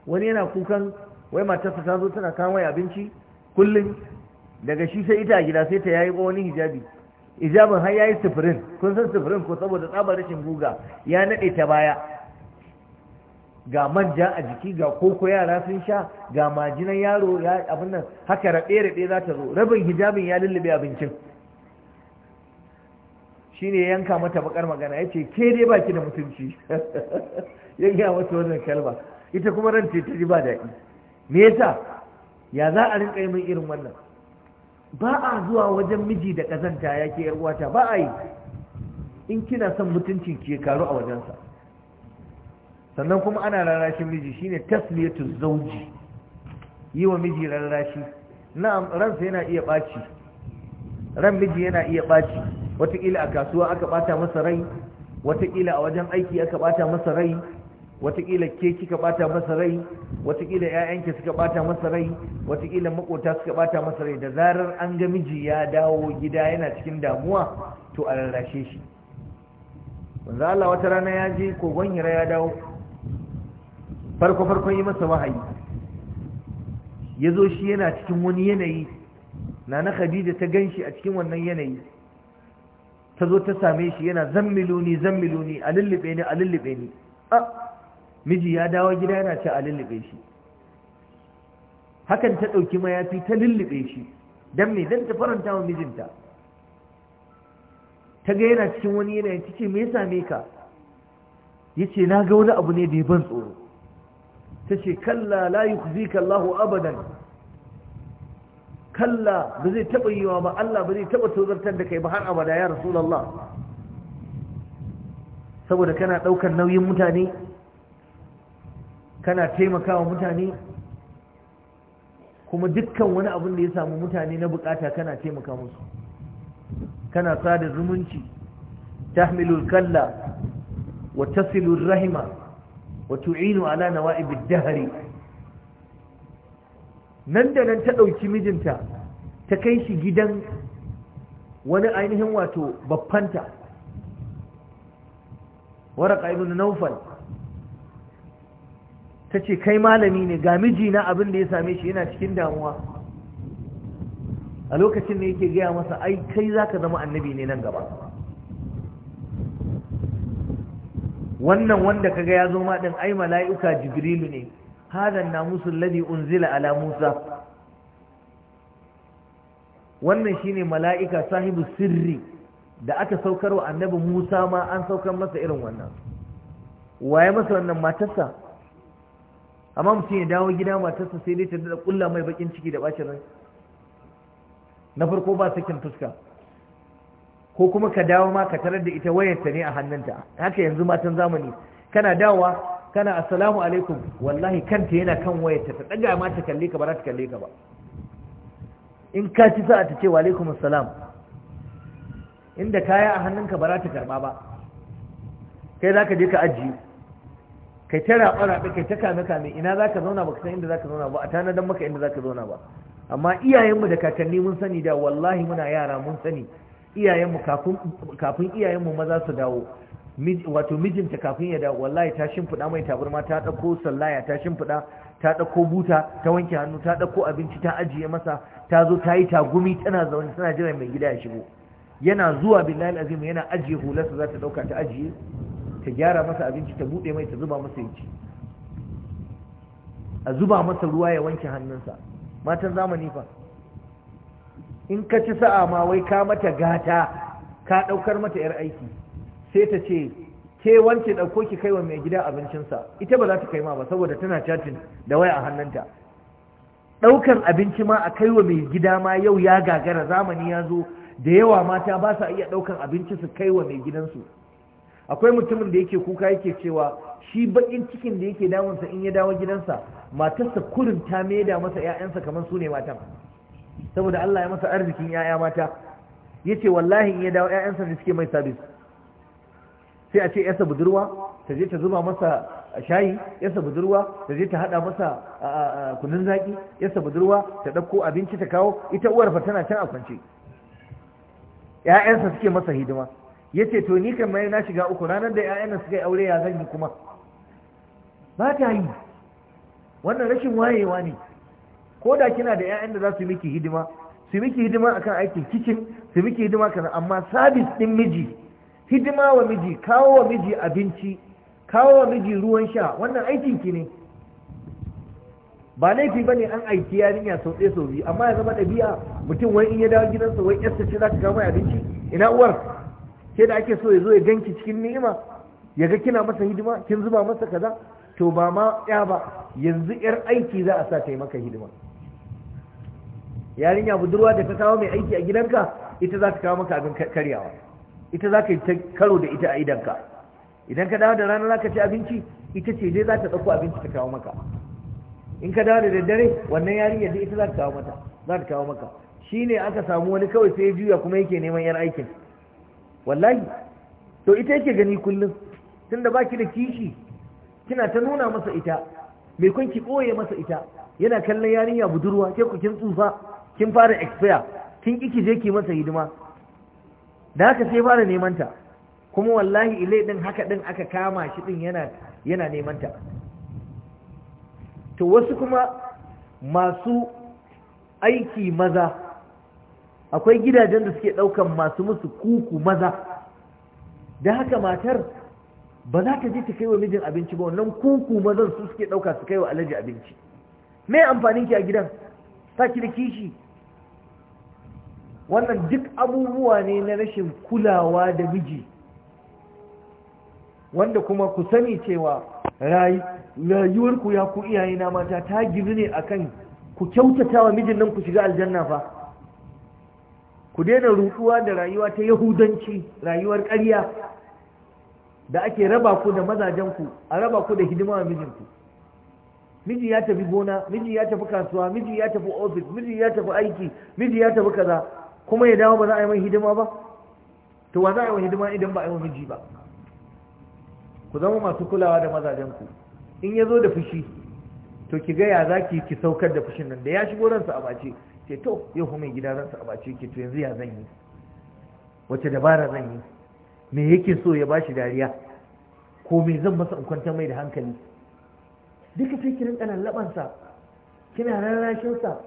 wani yana kukan wai matarsa ta zo tana kawo abinci kullum daga shi sai ita a gida sai ta yayi ba wani hijabi hijabin har yayi sifirin kun san sifirin ko saboda tsabar rashin guga ya nade ta baya ga manja a jiki ga koko yara sun sha ga majinan yaro ya abin nan haka rabe rabe za ta zo rabin hijabin ya lullube abincin shine yanka mata bakar magana yace ke dai baki da mutunci yanka mata wannan kalma ita kuma ran ce ta ji ba daɗi me yasa ya za a rinka yi mai irin wannan ba a zuwa wajen miji da kazanta ya ke uwata ba a yi in kina son mutuncin ke karu a wajensa sannan kuma ana rarrashin miji shine tasliyatu zauji yi wa miji rarrashi na'am ransa yana iya ɓaci ran miji yana iya ɓaci Wataƙila a kasuwa aka ɓata masa rai Wataƙila a wajen aiki aka ɓata masa rai watakila ke kika bata masa rai watakila ƴaƴanki suka bata masa rai watakila makota suka bata masa rai da zarar an ga miji ya dawo gida yana cikin damuwa to a rarrashe shi wanda Allah wata rana ya je kogon hira ya dawo farko farko yi masa wahayi ya zo shi yana cikin wani yanayi nana Khadija ta ganshi a cikin wannan yanayi ta zo ta same shi yana zammiluni zammiluni a lullube ni a lullube ni ah! miji ya dawo gida yana ce a lullube shi hakan ta ɗauki mayafi ta lullube shi don me don ta faranta wa mijinta ta ga yana cikin wani yanayin ta ce me ya same ka ya ce na ga wani abu ne da ya ban tsoro ta ce kalla la ku zika Allahu abadan kalla ba zai taɓa yi wa ba Allah ba zai taɓa tozartar da kai ba har abada ya rasulallah saboda kana ɗaukar nauyin mutane kana taimakawa mutane kuma dukkan wani abin da ya samu mutane na bukata kana taimaka musu kana sada zumunci tahmilul kalla wa tasilur rahima wa tu'inu ala nawa'ibid dahri nan da nan ta dauki mijinta ta kai shi gidan wani ainihin wato babbanta waraka ibn nawfal ta ce kai malami ne ga mijina abin da ya same shi yana cikin damuwa a lokacin da yake gaya masa ai kai za ka zama annabi ne nan gaba wannan wanda ka ga ya zo ma ɗin ai mala'ika jibrilu ne hadan musu ladi unzila ala musa wannan shi ne mala'ika sahibu sirri da aka saukar wa annabi musa ma an saukar masa irin wannan waye masa wannan matarsa amma mutum ya dawo gida matarsa sai dai ta da kulla mai bakin ciki da bacin rai na farko ba sakin fuska ko kuma ka dawo ma ka tarar da ita wayarta ne a hannunta haka yanzu matan zamani kana dawowa kana assalamu alaikum wallahi kanta yana kan wayarta ta daga ma ta kalle ka ba za ta kalle ka ba in ka ci sa'a ta ce wa alaikum assalam inda kaya a hannunka ba za ta karba ba kai za ka je ka ajiye kai ta raba raba kai ta kame kame ina za ka zauna ba ka san inda za ka zauna ba a tanadan maka inda za ka zauna ba amma iyayenmu da kakanni mun sani da wallahi muna yara mun sani iyayenmu kafin iyayenmu maza su dawo wato mijinta kafin ya dawo wallahi ta shimfiɗa mai tabarma ta ɗauko sallaya ta shimfiɗa ta ɗauko buta ta wanke hannu ta ɗauko abinci ta ajiye masa ta zo ta yi tagumi tana zaune tana jiran mai gida ya shigo yana zuwa billahi azim yana ajiye hularsa za ta ɗauka ta ajiye ta gyara masa abinci ta buɗe mai ta zuba masa ya a zuba masa ruwa ya wanke hannunsa matan zamani fa in ka ci sa'a ma wai ka mata gata ka ɗaukar mata 'yar aiki sai ta ce ke wanke ɗauko ki kai wa mai gida abincinsa ita ba za ta kai ma ba saboda tana catin da waya a hannunta ɗaukan abinci ma a kai wa mai gida ma yau ya gagara zamani ya zo da yawa mata ba sa iya ɗaukan abinci su kai wa mai gidansu akwai mutumin da yake kuka yake cewa shi bakin cikin da yake damunsa in ya dawo gidansa matarsa kurin ta maida masa 'ya'yansa kamar su ne matan saboda Allah ya masa arzikin 'ya'ya mata ya ce wallahi in ya dawo 'ya'yansa da suke mai sabis sai a ce yasa budurwa ta je ta zuba masa shayi yasa budurwa ta je ta hada masa kunun zaki yasa budurwa ta ɗauko abinci ta kawo ita uwar fa tana can a kwance 'ya'yansa suke masa hidima ya ce to ni kan kamar na shiga uku ranar da 'ya'yana suka yi aure ya zan yi kuma ba ta yi wannan rashin wayewa ne ko da kina da 'ya'yan da za su miki hidima su miki hidima akan aikin kicin su miki hidima kana. amma sabis din miji hidima wa miji kawo wa miji abinci kawo wa miji ruwan sha wannan aikin ki ne ba laifi ba ne an aiki yarinya sau ɗaya sau biyu amma ya zama ɗabi'a mutum wai in ya dawo gidansa wai yasta ce za ta kawo mai abinci ina uwar ke da ake so ya zo ya ganki cikin ni'ima ya ga kina masa hidima kin zuba masa kaza to ba ma ya ba yanzu yar aiki za a sa ta yi maka hidima yarinya budurwa da ta kawo mai aiki a gidanka ita za ta kawo maka abin karyawa ita za ka yi ta karo da ita a idanka idan ka dawo da rana za ka ci abinci ita ce dai za ta ɗauko abinci ta kawo maka in ka dawo da daddare wannan yarinya dai ita za ta kawo mata za ta kawo maka shine aka samu wani kawai sai ya juya kuma yake neman yar aikin wallahi to ita yake gani kullum tunda baki da kishi kina ta nuna masa ita mai kun ki masa ita yana kallon yarinya budurwa ke ku kin tsufa kin fara expire kin kiki je ki masa hidima da haka sai fara neman ta kuma wallahi ilai din haka din aka kama shi din yana yana neman ta to wasu kuma masu aiki maza akwai gidajen da suke ɗaukan masu musu kuku maza da haka matar ba za ta je ta kai wa mijin abinci ba wannan kuku mazan su suke ɗauka su kai wa alaji abinci me amfanin ki a gidan ta ki da kishi wannan duk abubuwa ne na rashin kulawa da miji wanda kuma ku sani cewa rayuwarku ya ku iyayena mata ta gizu ne akan ku kyautata wa mijin nan ku shiga aljanna fa ku daina rutuwa da rayuwa ta yahudanci rayuwar ƙarya da ake raba ku da mazajenku a raba ku da hidima wa mijinku miji ya tafi gona miji ya tafi kasuwa miji ya tafi ofis miji ya tafi aiki miji ya tafi kaza kuma ya dawo ba za a yi mai hidima ba to wa za a yi wa hidima idan ba a yi wa miji ba ku zama masu kulawa da mazajenku in ya zo da fushi to ki ga ya zaki ki saukar da fushin nan da ya shigo ransa a bace ce to yau mai gida ransa a bace ki to yanzu ya zan yi wace dabara zan yi me yake so ya bashi dariya ko me zan masa in kwanta mai da hankali duka sai ki rinka kina rarrashinsa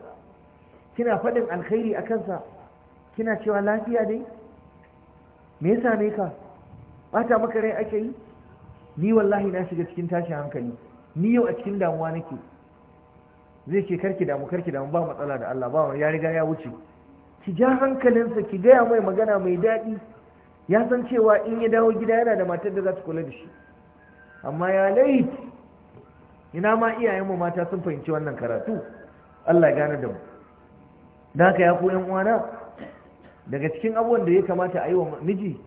kina faɗin alkhairi a kansa kina cewa lafiya dai me ya same ka bata maka rai ake yi ni wallahi na shiga cikin tashin hankali ni yau a cikin damuwa nake zai ce karki damu karki damu ba matsala da Allah ba ya riga ya wuce ki ja hankalinsa ki gaya mai magana mai daɗi ya san cewa in ya dawo gida yana da matar da za ta kula da shi amma ya lait ina ma iyayenmu mata sun fahimci wannan karatu Allah gane da mu da haka ya ku yan uwana daga cikin abubuwan da ya kamata a yi wa miji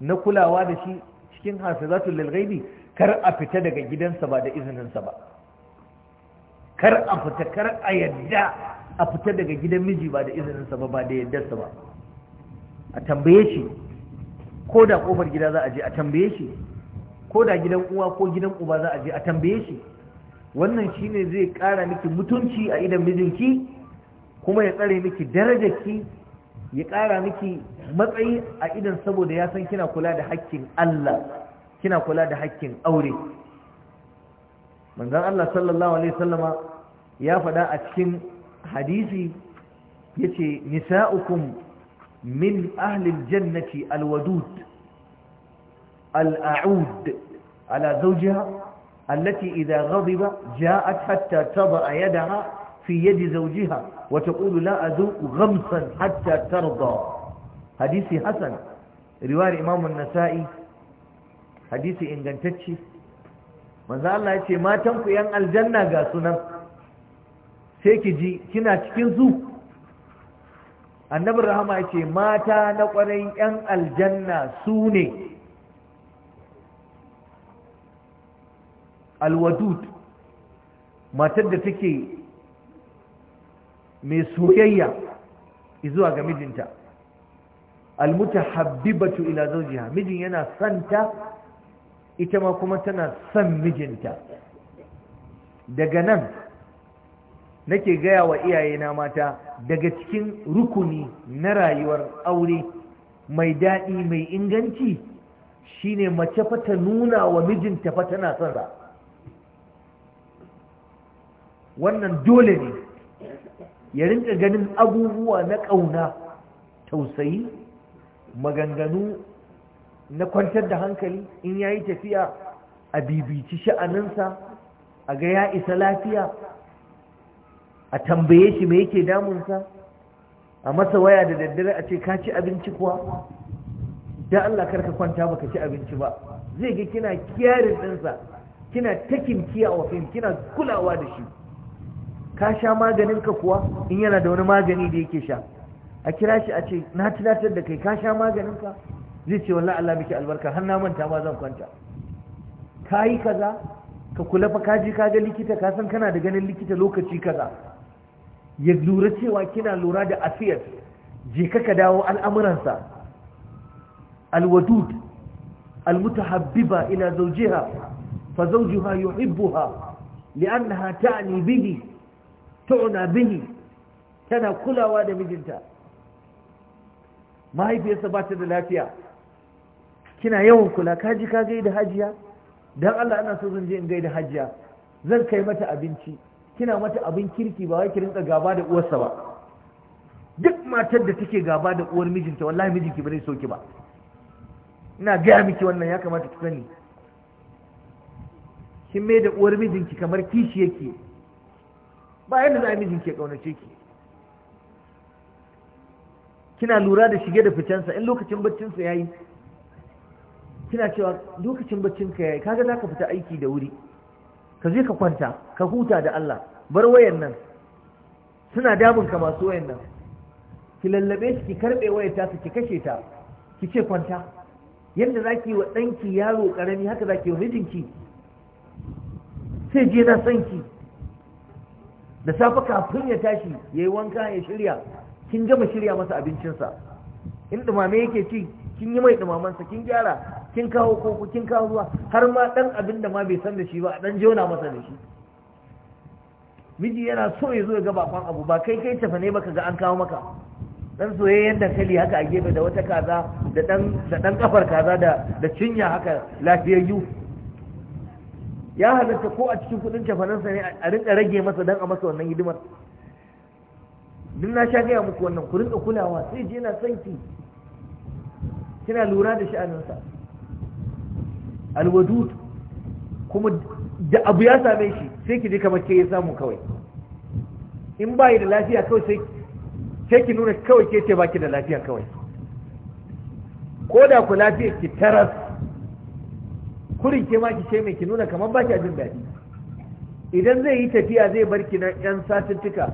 na kulawa da shi cikin hasazatul lil ghaibi kar a fita daga gidansa ba da izininsa ba kar a fita kar a yadda a fita daga gidan miji ba da izininsa ba ba da yaddarsa ba a tambaye shi ko da kofar gida za a je a tambaye shi ko da gidan uwa ko gidan uba za a je a tambaye shi wannan shine zai kara miki mutunci a idan mijinki kuma ya tsare miki ki, ya kara miki matsayi a idan saboda ya san kina kula da haƙƙin Allah kina kula da haƙƙin aure manzon Allah sallallahu alaihi wasallama ya fada a cikin hadisi yace nisa'ukum min ahli aljannati alwadud al'aud ala zawjiha التي إذا غضب جاءت حتى تضع يدها في يد زوجها وتقول لا أذوق غمسا حتى ترضى حديث حسن رواية إمام النسائي حديث إنجنتشي manzo Allah ya ce matan ku yan aljanna ga sunan sai ki ji kina cikin zu annabi rahama ya ce mata na kwarai yan aljanna su ne alwadud matar da take mai soyayya zuwa ga mijinta almutahabbibatu ila zawjiha mijin yana santa ita ma kuma tana son mijinta daga nan nake gaya wa iyayena mata daga cikin rukuni na rayuwar aure mai daɗi mai inganci shine mace fata nuna wa mijinta fa tana son sa wannan dole ne ya rinka ganin abubuwa na ƙauna tausayi maganganu na kwantar da hankali in ya yi tafiya a bibici sha'aninsa a ga ya isa lafiya a tambaye shi mai yake damunsa a masa waya da daddare a ce ka ci abinci kuwa da Allah karka kwanta baka ci abinci ba zai ga kina kiyarin ɗinsa kina takin kiya wa fim kina kulawa da shi ka sha maganin ka kuwa in yana da wani magani da yake sha a kira shi a ce na tunatar da kai ka sha maganin ka? zai ce wallahi Allah miki albarka har na manta ma zan kwanta kayi kaza ka kula fa kaji ka ga likita ka san kana da ganin likita lokaci kaza ya lura cewa kina lura da afiyar je ka ka dawo al'amuransa alwadud almutahabbiba ila zawjiha fa zawjuha yuhibbuha li'annaha ta'ni bihi tu'na bihi tana kulawa da mijinta mahaifiyarsa ba ta da lafiya kina yawan kula kaji ka gaida hajiya dan Allah ana so zan je in gaida hajiya zan kai mata abinci kina mata abin kirki ba wai ki rinka gaba da uwarsa ba duk matar da take gaba da uwar mijinta wallahi mijinki ba zai so ba ina gaya miki wannan ya kamata ki sani kin mai da uwar mijinki kamar kishi yake ba yanda za a mijinki ya kaunace ki kina lura da shige da ficensa in lokacin baccinsa ya yi kina cewa lokacin baccin ka yayi kaga zaka fita aiki da wuri ka je ka kwanta ka huta da Allah bar wayan nan suna damunka masu wayan nan ki lallabe shi ki karbe wayar ta ki kashe ta ki ce kwanta yadda zaki wa danki yaro karami haka zaki wa mijinki sai je na san da safe kafin ya tashi yayi wanka ya shirya kin gama shirya masa abincinsa in dumame yake ci kin yi mai dumamansa kin gyara kin kawo koko kin kawo ruwa har ma dan abin da ma bai san da shi ba dan jona masa da shi miji yana so ya zo ya ga bakon abu ba kai kai tafa ne baka ga an kawo maka dan soyayyen kali haka a gefe da wata kaza da dan da dan kafar kaza da da cinya haka yu. ya halatta ko a cikin kudin tafanansa ne a rinka rage masa dan a masa wannan hidimar duk na sha gaya muku wannan ku rinka kulawa sai je na sanki kina lura da sha'aninsa alwadud kuma da abu ya same shi sai ki ji kamar ke ya samu kawai in bayi da lafiya kawai sai sai ki nuna kawai ke ce baki da lafiya kawai ko da ku lafiya ki taras kurin ke ma ki ce mai ki nuna kamar baki a jin daɗi idan zai yi tafiya zai bar ki na yan satuttuka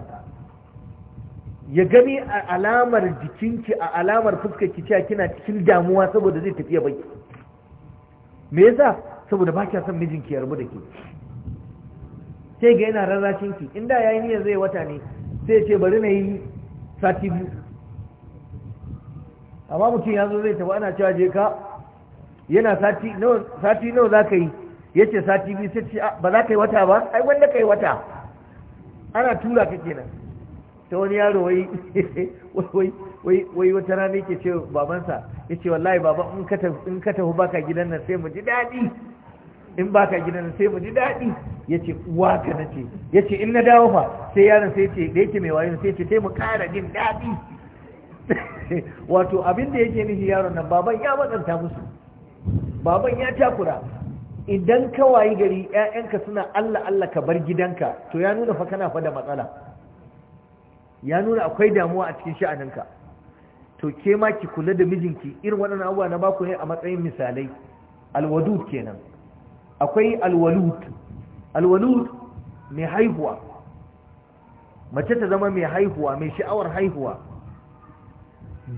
ya gani a alamar jikinki a alamar fuskar ki cewa kina cikin damuwa saboda zai tafiya baki me yasa saboda ba kya san mijinki ya rabu da ke sai ga yana rarrashin ki in da yayi niyyar zai wata ne sai ce bari na yi sati biyu amma mutum ya zo zai tafi ana cewa je ka yana sati nawa sati nawa za ka yi ya ce sati biyu sai ce ah, ba za ka yi wata ba ai wanda ka yi wata ana tura ka kenan ta wani yaro wai wai wai wata rana yake ce babansa yace wallahi baba in ka in ka tafi baka gidan nan sai mu ji dadi in baka gidan nan sai mu ji dadi yace uwa ka na ya yace in na dawo fa sai yaron sai ce da yake mai wayo sai ce sai mu kara jin dadi wato abin da yake nufi yaron nan baban ya matsanta musu baban ya takura idan ka wayi gari ƴaƴanka suna Allah Allah ka bar gidanka to ya nuna fa kana fa da matsala ya nuna akwai damuwa a cikin sha'aninka to ke ma ki kula da mijinki irin waɗannan abubuwa na baku ne a matsayin misalai alwadud kenan akwai alwalud alwalud mai haihuwa mace ta zama mai haihuwa mai sha'awar haihuwa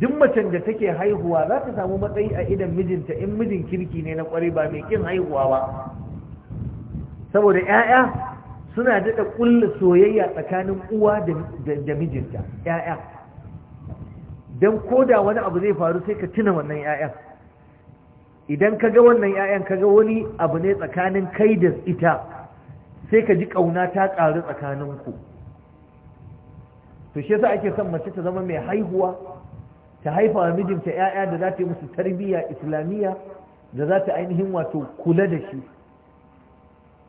duk macen da take haihuwa za ta samu matsayi a idan mijinta in mijin kirki ne na kwarai ba mai kin haihuwa ba saboda 'ya'ya suna daɗa ƙulla soyayya tsakanin uwa da mijinta 'ya'ya don koda wani abu zai faru sai ka tuna wannan 'ya'yan idan ka ga wannan 'ya'yan ka ga wani abu ne tsakanin kai da ita sai ka ji ƙauna ta ƙaru tsakaninku to shi yasa ake son mace ta zama mai haihuwa ta haifa wa mijinta 'ya'ya da za ta yi musu tarbiyya islamiyya da za ta ainihin wato kula da shi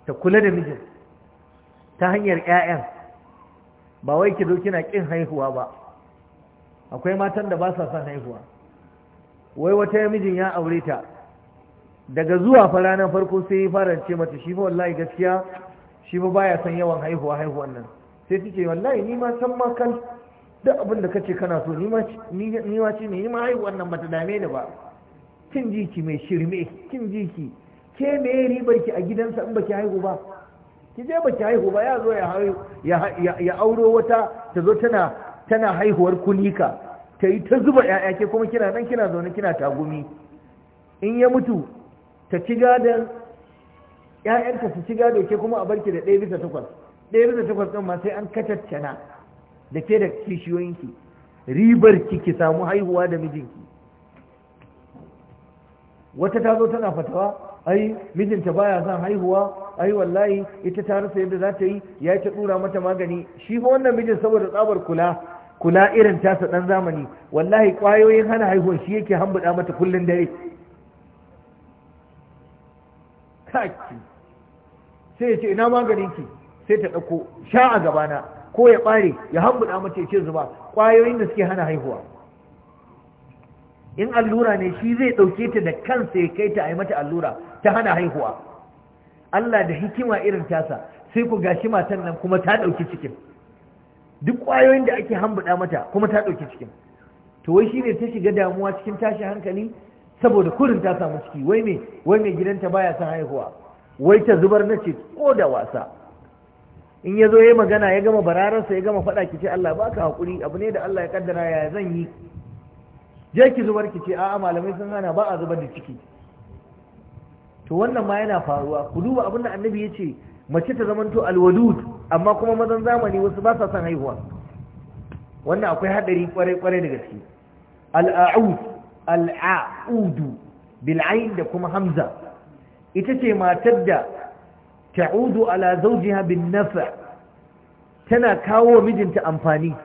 ta kula da mijin ta hanyar 'ya'yan ba wai ki zo kina ƙin haihuwa ba akwai matan da ba sa son haihuwa wai wata mijin ya aure ta daga zuwa fara na farko sai ya fara ce mata shi fa wallahi gaskiya shi fa baya son yawan haihuwa haihuwan nan sai ta ce wallahi ni ma san ma kan duk abin da kace kana so ni ma ce ni ma haihuwan nan bata dame ni ba kin jiki mai shirme kin jiki ke me ribar ki a gidansa in baki haihu ba ki je baki haihu ba ya zo ya auro wata ta zo tana tana haihuwar kulika ta yi ta zuba ‘ya'ya ke kuma kina nan kina zaune kina tagumi in ya mutu ta ci gadon ‘ya’yanta su ci gado ke kuma a barki da ɗaya bisa takwas ɗaya bisa takwas ɗin ma sai an kacaccana da ke da kishiyoyinki ribar ki ki samu haihuwa da mijinki wata ta zo tana fatawa ai mijinta baya son haihuwa ai wallahi ita ta rasa yadda za ta yi ya ta dura mata magani shi fa wannan mijin saboda tsabar kula kula irin tasa ɗan zamani wallahi ƙwayoyin hana haihuwar shi yake hambuɗa mata kullum dare kaki sai ya ce ina maganin ki sai ta ɗauko, sha a gabana ko ya ɓare, ya hambuɗa mata ya ce zuba Ƙwayoyin da suke hana haihuwa in allura ne shi zai ɗauke ta da kansa ya kai ta a yi mata allura ta hana haihuwa Allah da hikima irin tasa sai ku gashi matan nan kuma ta ɗauki cikin duk ƙwayoyin da ake hambuɗa mata kuma ta ɗauki cikin to wai ne ta shiga damuwa cikin tashi hankali saboda kurin ta samu ciki wai me wai mai gidanta baya son haihuwa wai ta zubar na ce ko da wasa in ya zo ya magana ya gama barararsa ya gama faɗa ki ce Allah ba ka haƙuri abu ne da Allah ya kaddara ya zan yi je ki zubar ki ce a'a malamai sun hana ba a zubar da ciki to wannan ma yana faruwa ku duba abin da annabi ya ce mace ta zamanto alwadud amma kuma mazan zamani wasu ba sa son haihuwa wannan akwai hadari kwarai-kwarai da gaske al'a'ud al'a'udu bil'ain da kuma hamza ita ce matar da ta'udu ala zawjiha bin nafa tana kawo wa mijinta amfani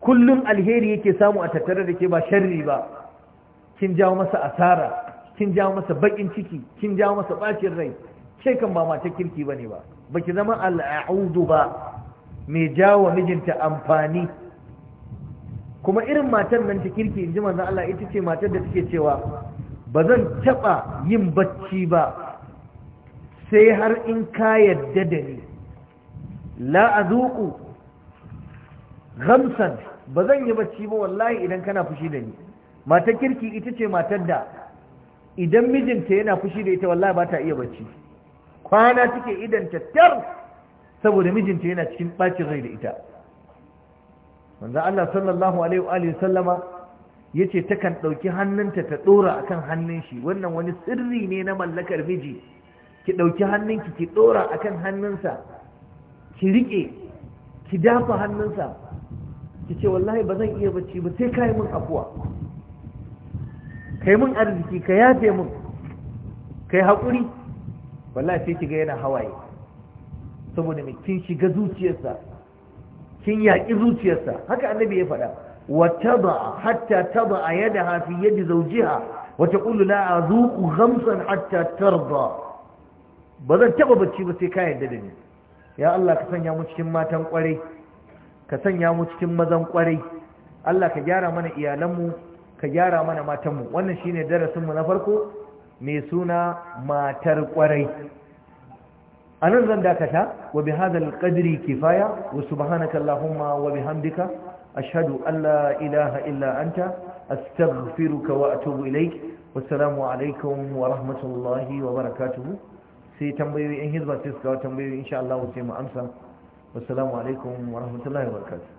kullum alheri yake samu a tattare da ke ba sharri ba kin jawo masa asara kin jawo masa bakin ciki kin jawo masa bacin rai Cekan kan ba mata kirki bane ba baki zama al'audu ba mai jawo mijinta amfani kuma irin matan nan ta kirki in ji manzan Allah ita ce matar da take cewa ba zan taɓa yin bacci ba sai har in ka yadda da ni la a gamsan ba zan yi bacci ba wallahi idan kana fushi da ni matar kirki ita ce matar da idan mijinta yana fushi da ita wallahi ba ta iya bacci kwana take idan tattar saboda mijinta yana cikin bacin rai da ita manzo Allah sallallahu alaihi wa alihi sallama yace takan ɗauki hannunta ta dora akan hannun shi wannan wani sirri ne na mallakar miji ki dauki hannunki ki dora akan hannunsa ki rike ki dafa hannunsa ki ce wallahi ba zan iya bacci ba sai kai mun afuwa kai mun arziki ka yafe mun kai haƙuri wallahi sai kiga yana hawaye saboda mai kin shiga zuciyarsa kin yaƙi zuciyarsa haka annabi ya faɗa wa taba hatta taba a yada hafi yadda zaujiha wata ƙulu la a zuƙu gamsan hatta tarba ba zan taɓa bacci ba sai ka yarda da ni ya Allah ka sanya mu cikin matan ƙwarai ka sanya mu cikin mazan ƙwarai Allah ka gyara mana iyalanmu ka gyara mana matanmu wannan shine darasinmu na farko mai suna matar kwarai anan zan dakata wa bi hadal qadri kifaya wa subhanaka allahumma wa bihamdika ashhadu an la ilaha illa anta astaghfiruka wa atubu ilaik wassalamu alaikum wa rahmatullahi wa barakatuh sai tambayoyi in hizba sai su tambayoyi insha Allah sai mu amsa wassalamu alaikum wa rahmatullahi wa barakatuh